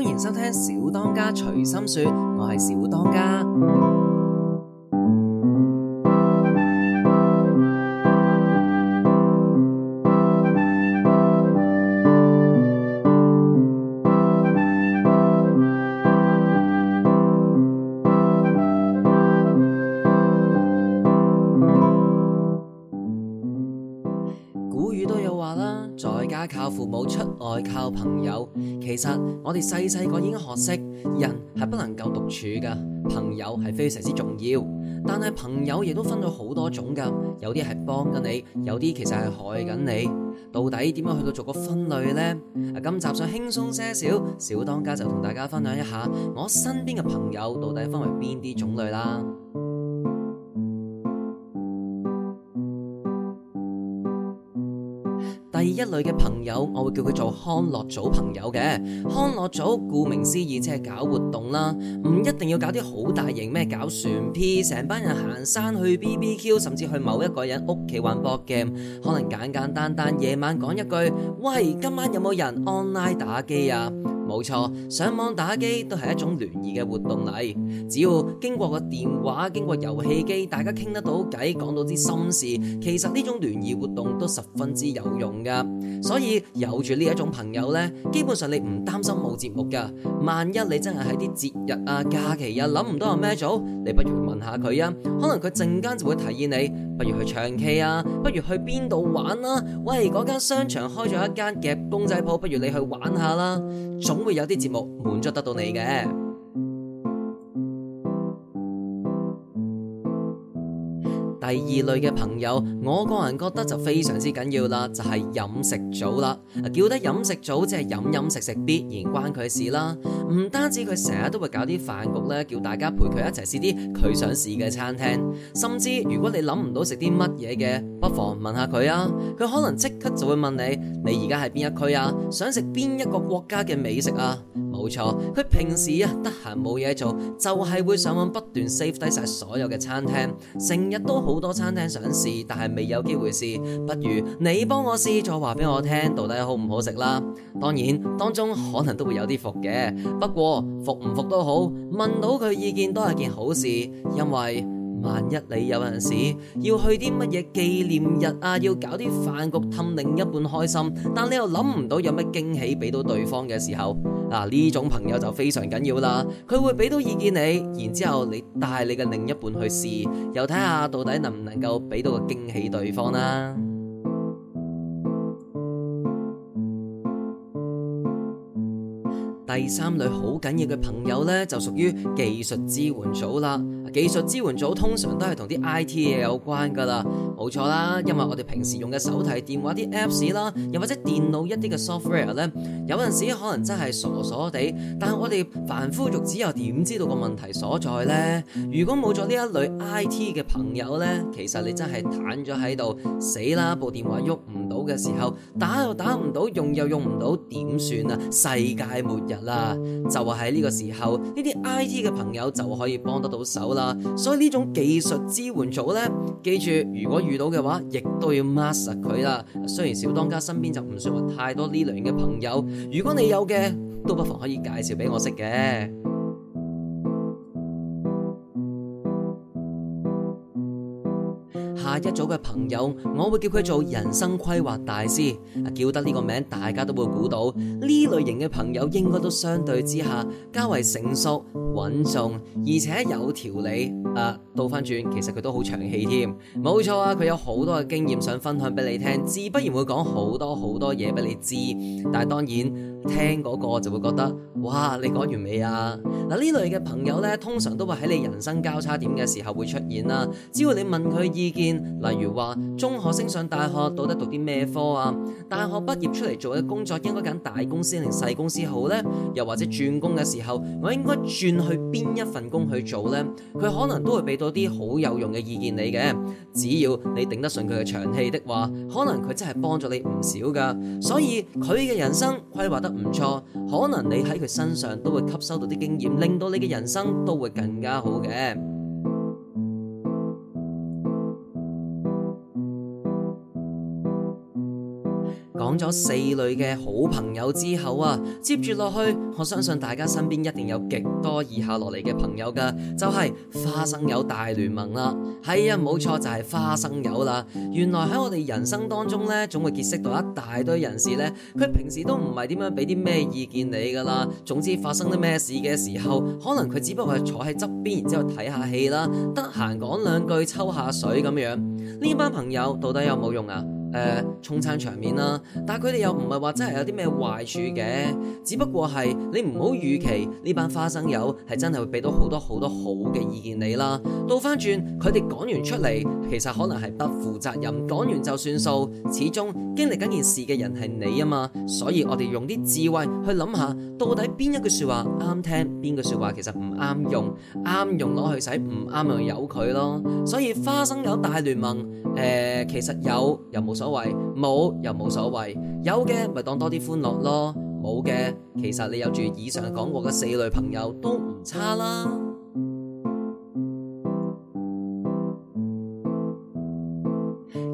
歡迎收聽小當家隨心說，我係小當家。亦都有話啦，在家靠父母，出外靠朋友。其實我哋細細個已經學識，人係不能夠獨處噶，朋友係非常之重要。但係朋友亦都分咗好多種噶，有啲係幫緊你，有啲其實係害緊你。到底點樣去到做個分類呢？今集想輕鬆些少，小當家就同大家分享一下我身邊嘅朋友到底分為邊啲種類啦。第一類嘅朋友，我會叫佢做康樂組朋友嘅。康樂組顧名思義，即係搞活動啦，唔一定要搞啲好大型咩，搞船 P，成班人行山去 BBQ，甚至去某一個人屋企玩 board game，可能簡簡單單，夜晚講一句，喂，今晚有冇人 online 打機啊？冇錯，上網打機都係一種聯誼嘅活動嚟。只要經過個電話，經過遊戲機，大家傾得到偈、講到啲心事，其實呢種聯誼活動都十分之有用噶。所以有住呢一種朋友呢，基本上你唔擔心冇節目噶。萬一你真係喺啲節日啊、假期啊諗唔到有咩做，你不如問下佢啊。可能佢陣間就會提議你，不如去唱 K 啊，不如去邊度玩啊？喂，嗰間商場開咗一間夾公仔鋪，不如你去玩下啦。總會有啲節目滿足得到你嘅。第二類嘅朋友，我個人覺得就非常之緊要啦，就係飲食組啦，叫得飲食組即係飲飲食食必然關佢事啦。唔單止佢成日都會搞啲飯局咧，叫大家陪佢一齊試啲佢想試嘅餐廳，甚至如果你諗唔到食啲乜嘢嘅，不妨問下佢啊，佢可能即刻就會問你，你而家喺邊一區啊，想食邊一個國家嘅美食啊？冇錯，佢平時啊得閒冇嘢做，就係會上網不斷 save 低晒所有嘅餐廳，成日都好多餐廳想試，但係未有機會試，不如你幫我試，再話俾我聽到底好唔好食啦。當然當中可能都會有啲伏嘅，不過伏唔伏都好，問到佢意見都係件好事，因為。萬一你有陣時要去啲乜嘢紀念日啊，要搞啲飯局氹另一半開心，但你又諗唔到有乜驚喜俾到對方嘅時候，嗱、啊、呢種朋友就非常緊要啦。佢會俾到意見你，然之後你帶你嘅另一半去試，又睇下到底能唔能夠俾到個驚喜對方啦、啊。 第三類好緊要嘅朋友咧，就屬於技術支援組啦。技術支援組通常都係同啲 I T 嘢有關㗎啦，冇錯啦，因為我哋平時用嘅手提電話啲 Apps 啦，又或者電腦一啲嘅 software 呢，有陣時可能真係傻傻地，但係我哋凡夫俗子又點知道個問題所在呢？如果冇咗呢一類 I T 嘅朋友呢，其實你真係癱咗喺度，死啦部電話喐唔～到嘅時候，打又打唔到，用又用唔到，點算啊？世界末日啦！就係喺呢個時候，呢啲 IT 嘅朋友就可以幫得到手啦。所以呢種技術支援組呢，記住，如果遇到嘅話，亦都要 master 佢啦。雖然小當家身邊就唔算話太多呢類型嘅朋友，如果你有嘅，都不妨可以介紹俾我識嘅。下一組嘅朋友，我會叫佢做人生規劃大師，叫得呢個名，大家都會估到呢類型嘅朋友應該都相對之下較為成熟。穩重而且有條理，誒、啊，倒翻轉其實佢都好長氣添，冇錯啊，佢有好多嘅經驗想分享俾你聽，自不然會講好多好多嘢俾你知，但係當然聽嗰個就會覺得，哇，你講完未啊？嗱，呢類嘅朋友呢，通常都會喺你人生交叉點嘅時候會出現啦，只要你問佢意見，例如話中學升上大學到底讀啲咩科啊？大學畢業出嚟做嘅工作應該揀大公司定細公司好呢？又或者轉工嘅時候，我應該轉？去邊一份工去做呢？佢可能都會俾到啲好有用嘅意見你嘅，只要你頂得順佢嘅長氣的話，可能佢真係幫咗你唔少噶。所以佢嘅人生規劃得唔錯，可能你喺佢身上都會吸收到啲經驗，令到你嘅人生都會更加好嘅。講咗四類嘅好朋友之後啊，接住落去，我相信大家身邊一定有極多以下落嚟嘅朋友噶，就係、是、花生友大聯盟啦。係、哎、啊，冇錯就係、是、花生友啦。原來喺我哋人生當中呢，總會結識到一大堆人士呢。佢平時都唔係點樣俾啲咩意見你噶啦。總之發生啲咩事嘅時候，可能佢只不過係坐喺側邊，然之後睇下戲啦，得閒講兩句，抽下水咁樣。呢班朋友到底有冇用啊？誒沖餐、呃、場面啦，但係佢哋又唔係話真係有啲咩壞處嘅，只不過係你唔好預期呢班花生友係真係會俾到好多，多好多好嘅意見你啦。倒翻轉，佢哋講完出嚟，其實可能係不負責任，講完就算數。始終經歷緊件事嘅人係你啊嘛，所以我哋用啲智慧去諗下，到底邊一句說話啱聽，邊句說話其實唔啱用，啱用攞去使，唔啱用，用由佢咯。所以花生友大聯盟，誒、呃，其實有又冇。有所謂冇又冇所謂，有嘅咪當多啲歡樂咯，冇嘅，其實你有住以上講過嘅四類朋友都唔差啦。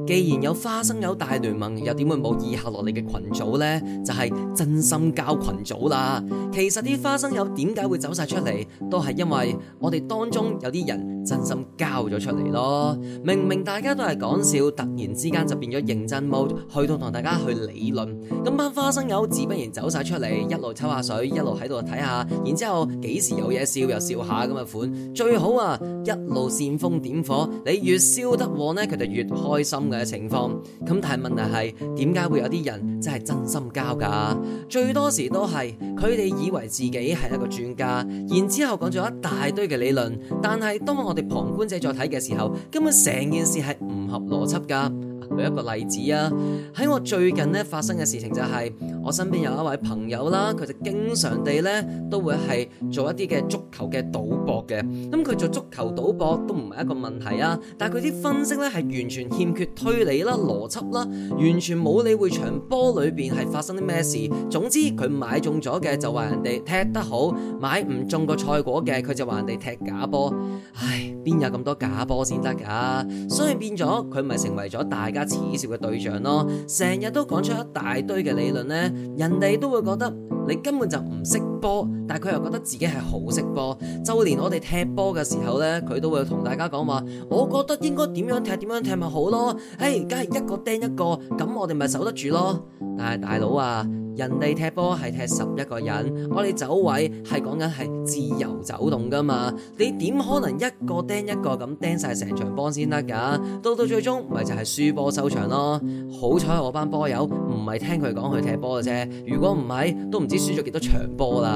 既然有花生友大聯盟，又點會冇以下落嚟嘅群組咧？就係真心交群組啦。其實啲花生友點解會走晒出嚟，都係因為我哋當中有啲人真心交咗出嚟咯。明明大家都係講笑，突然之間就變咗認真 mode，去到同大家去理論，咁班花生友自不然走晒出嚟，一路抽下水，一路喺度睇下，然之後幾時有嘢笑又笑下咁嘅款，最好啊一路煽風點火，你越燒得旺咧，佢就越開心。情況，咁但係問題係點解會有啲人真係真心交㗎？最多時都係佢哋以為自己係一個專家，然之後講咗一大堆嘅理論，但係當我哋旁觀者再睇嘅時候，根本成件事係唔合邏輯㗎。舉一個例子啊，喺我最近呢發生嘅事情就係、是。我身邊有一位朋友啦，佢就經常地咧都會係做一啲嘅足球嘅賭博嘅。咁佢做足球賭博都唔係一個問題啊，但係佢啲分析咧係完全欠缺推理啦、邏輯啦，完全冇理會場波裏邊係發生啲咩事。總之佢買中咗嘅就話人哋踢得好，買唔中個賽果嘅佢就話人哋踢假波。唉，邊有咁多假波先得㗎？所以變咗佢咪成為咗大家恥笑嘅對象咯。成日都講出一大堆嘅理論呢，人哋都會覺得你根本就唔識。波，但係佢又覺得自己係好識波。就連我哋踢波嘅時候呢，佢都會同大家講話：我覺得應該點樣踢點樣踢咪好咯。誒，梗係一個釘一個，咁我哋咪守得住咯。但係大佬啊，人哋踢波係踢十一個人，我哋走位係講緊係自由走動噶嘛。你點可能一個釘一個咁釘晒成場波先得噶？到到最終咪就係輸波收場咯。好彩我班波友唔係聽佢講去踢波嘅啫。如果唔係，都唔知輸咗幾多場波啦。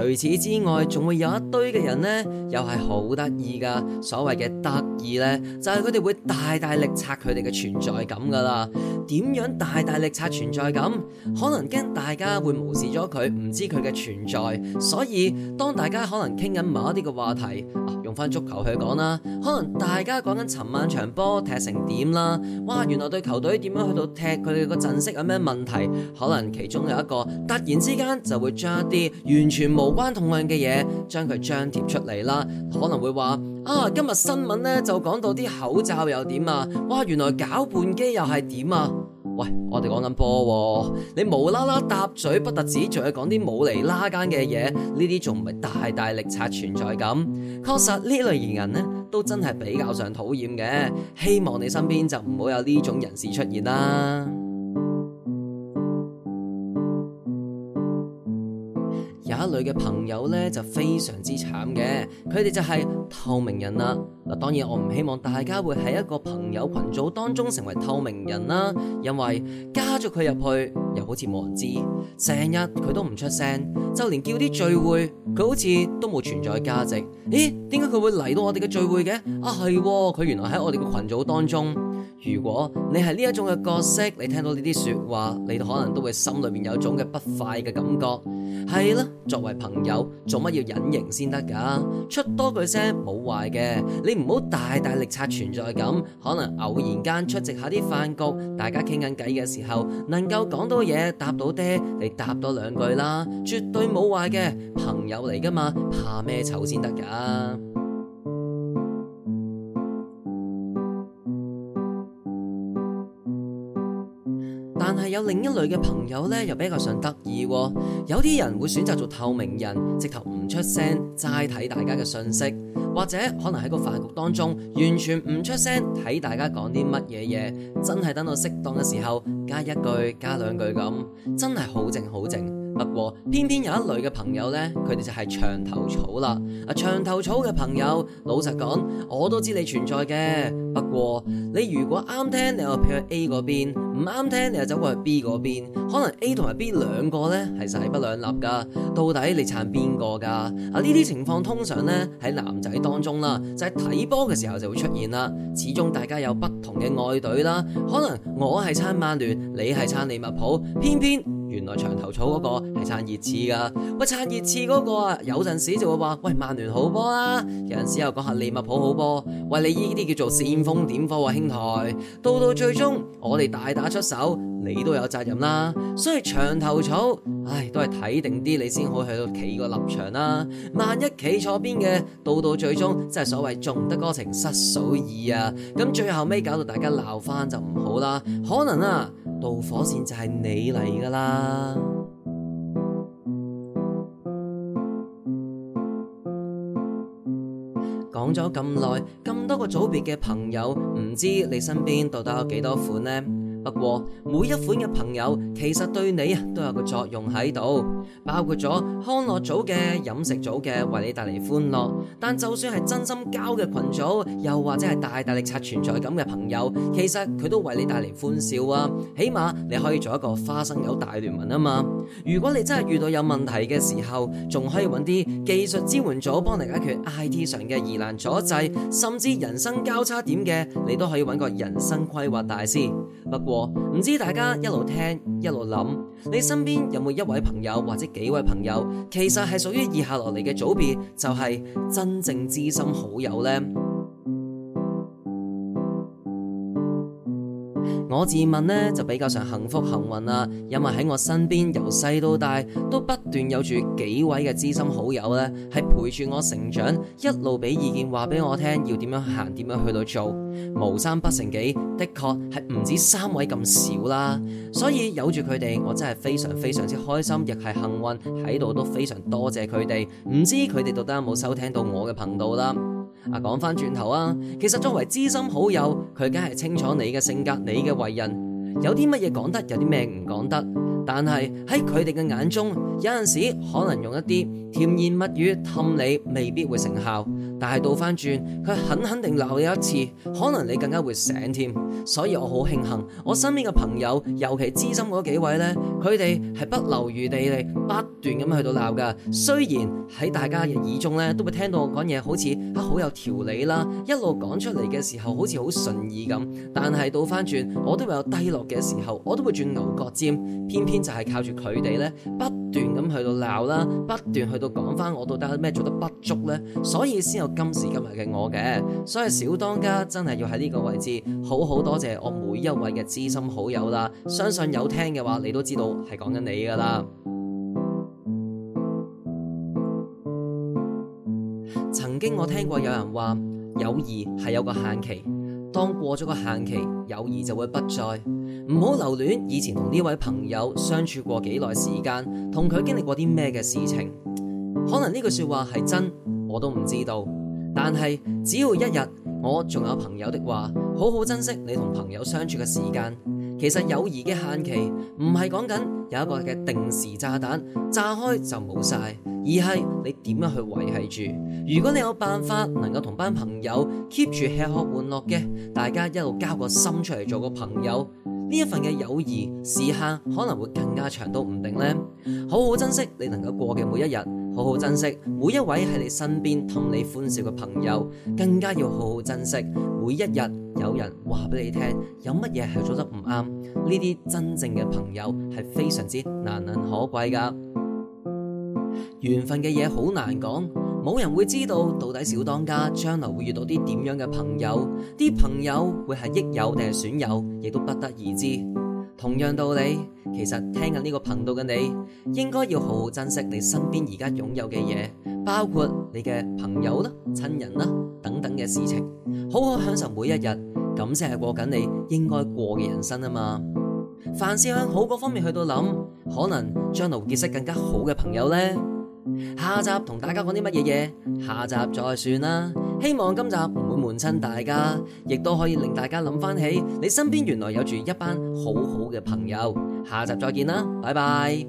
除此之外，仲會有一堆嘅人咧，又係好得意噶。所謂嘅得意咧，就係佢哋會大大力刷佢哋嘅存在感噶啦。點樣大大力刷存在感？可能驚大家會無視咗佢，唔知佢嘅存在。所以當大家可能傾緊某一啲嘅話題，啊用翻足球去講啦，可能大家講緊尋晚場波踢成點啦，哇，原來對球隊點樣去到踢佢哋個陣式有咩問題？可能其中有一個突然之間就會將一啲完全冇關痛癢嘅嘢，將佢張貼出嚟啦，可能會話啊，今日新聞咧就講到啲口罩又點啊，哇，原來攪拌機又係點啊，喂，我哋講緊波喎，你無啦啦搭嘴不特止，仲要講啲冇嚟啦間嘅嘢，呢啲仲唔係大大力刷存在感？確實呢類型人呢，都真係比較上討厭嘅，希望你身邊就唔好有呢種人士出現啦。佢嘅朋友咧就非常之慘嘅，佢哋就係透明人啦。嗱，當然我唔希望大家會喺一個朋友群組當中成為透明人啦，因為加咗佢入去又好似冇人知，成日佢都唔出聲，就連叫啲聚會佢好似都冇存在價值。咦？點解佢會嚟到我哋嘅聚會嘅？啊，係喎，佢原來喺我哋嘅群組當中。如果你係呢一種嘅角色，你聽到呢啲説話，你可能都會心裏面有一種嘅不快嘅感覺。係啦，作為朋友，做乜要隱形先得㗎？出多句聲冇壞嘅，你唔好大大力刷存在感。可能偶然間出席下啲飯局，大家傾緊偈嘅時候，能夠講到嘢，答到爹你答多兩句啦，絕對冇壞嘅，朋友嚟㗎嘛，怕咩醜先得㗎？但係有另一類嘅朋友呢，又比較上得意喎。有啲人會選擇做透明人，直頭唔出聲，齋睇大家嘅信息。或者可能喺個飯局當中，完全唔出聲，睇大家講啲乜嘢嘢。真係等到適當嘅時候，加一句，加兩句咁，真係好靜，好靜。不過偏偏有一類嘅朋友呢，佢哋就係長頭草啦。啊，長頭草嘅朋友，老實講，我都知你存在嘅。不過你如果啱聽，你又撇去 A 嗰邊；唔啱聽，你又走過去 B 嗰邊。可能 A 同埋 B 兩個呢，係勢不兩立噶。到底你撐邊個噶？啊，呢啲情況通常呢，喺男仔當中啦，就係睇波嘅時候就會出現啦。始終大家有不同嘅愛隊啦，可能我係撐曼聯，你係撐利物浦，偏偏。原來長頭草嗰個係撐熱刺噶，喂撐熱刺嗰個啊，有陣時就會話喂曼聯好波啦，啊，有陣時又講下利物浦好波，喂你呢啲叫做煽風點火啊，兄台，到到最終我哋大打出手，你都有責任啦，所以長頭草，唉，都係睇定啲你先好喺度企個立場啦，萬一企錯邊嘅，到到最終真係所謂順得哥情失嫂意啊，咁最後尾搞到大家鬧翻就唔好啦，可能啊。導火線就係你嚟㗎啦！講咗咁耐，咁多個組別嘅朋友，唔知你身邊到底有幾多款呢？不過每一款嘅朋友其實對你都有個作用喺度，包括咗康樂組嘅、飲食組嘅，為你帶嚟歡樂。但就算係真心交嘅群組，又或者係大大力刷存在感嘅朋友，其實佢都為你帶嚟歡笑啊。起碼你可以做一個花生友大聯盟啊嘛。如果你真係遇到有問題嘅時候，仲可以搵啲技術支援組幫你解決 IT 上嘅疑難阻滯，甚至人生交叉點嘅，你都可以搵個人生規劃大師。不過唔知大家一路聽一路諗，你身邊有冇一位朋友或者幾位朋友，其實係屬於以下落嚟嘅組別，就係真正知心好友呢？我自問咧，就比較上幸福幸運啦，因為喺我身邊由細到大都不斷有住幾位嘅知心好友咧，係陪住我成長，一路俾意見話俾我聽要點樣行，點樣去到做。無三不成幾，的確係唔止三位咁少啦，所以有住佢哋，我真係非常非常之開心，亦係幸運，喺度都非常多謝佢哋。唔知佢哋到底有冇收聽到我嘅頻道啦？啊，講返轉頭啊，其實作為知心好友，佢梗係清楚你嘅性格、你嘅為人，有啲乜嘢講得，有啲咩唔講得。但係喺佢哋嘅眼中，有陣時可能用一啲甜言蜜語氹你，未必會成效。但係倒翻轉，佢肯肯定鬧你一次，可能你更加會醒添。所以我好慶幸，我身邊嘅朋友，尤其資深嗰幾位呢，佢哋係不留餘地不斷地不斷咁去到鬧噶。雖然喺大家嘅耳中呢，都會聽到我講嘢好似啊，好有條理啦，一路講出嚟嘅時候好似好順意咁，但係倒翻轉，我都會有低落嘅時候，我都會轉牛角尖。偏偏就係靠住佢哋呢，不斷咁去到鬧啦，不斷去到講翻我到底係咩做得不足呢。所以先有。今時今日嘅我嘅，所以小當家真係要喺呢個位置好好多謝我每一位嘅知心好友啦！相信有聽嘅話，你都知道係講緊你噶啦。曾經我聽過有人話，友誼係有個限期，當過咗個限期，友誼就會不再。唔好留戀以前同呢位朋友相處過幾耐時間，同佢經歷過啲咩嘅事情。可能呢句說話係真，我都唔知道。但係只要一日我仲有朋友的話，好好珍惜你同朋友相處嘅時間。其實友誼嘅限期唔係講緊有一個嘅定時炸彈炸開就冇晒，而係你點樣去維繫住。如果你有辦法能夠同班朋友 keep 住吃喝玩樂嘅，大家一路交個心出嚟做個朋友，呢一份嘅友誼時限可能會更加長都唔定呢。好好珍惜你能夠過嘅每一日。好好珍惜每一位喺你身邊同你歡笑嘅朋友，更加要好好珍惜每一日有人話俾你聽有乜嘢係做得唔啱，呢啲真正嘅朋友係非常之難能可貴噶緣分嘅嘢好難講，冇人會知道到底小當家將來會遇到啲點樣嘅朋友，啲朋友會係益友定係損友，亦都不得而知。同樣道理，其實聽緊呢個頻道嘅你，應該要好好珍惜你身邊而家擁有嘅嘢，包括你嘅朋友啦、親人啦等等嘅事情，好好享受每一日，咁先係過緊你應該過嘅人生啊嘛！凡事向好嗰方面去到諗，可能將來結識更加好嘅朋友呢。下集同大家講啲乜嘢嘢？下集再算啦。希望今集唔會悶親大家，亦都可以令大家諗翻起你身邊原來有住一班好好嘅朋友。下集再見啦，拜拜。